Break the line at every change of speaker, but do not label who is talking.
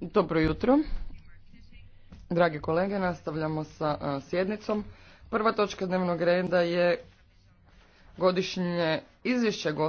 Dobro jutro. Dragi kolege, nastavljamo sa e, sjednicom. Prva točka dnevnog reda je godišnje
izvješće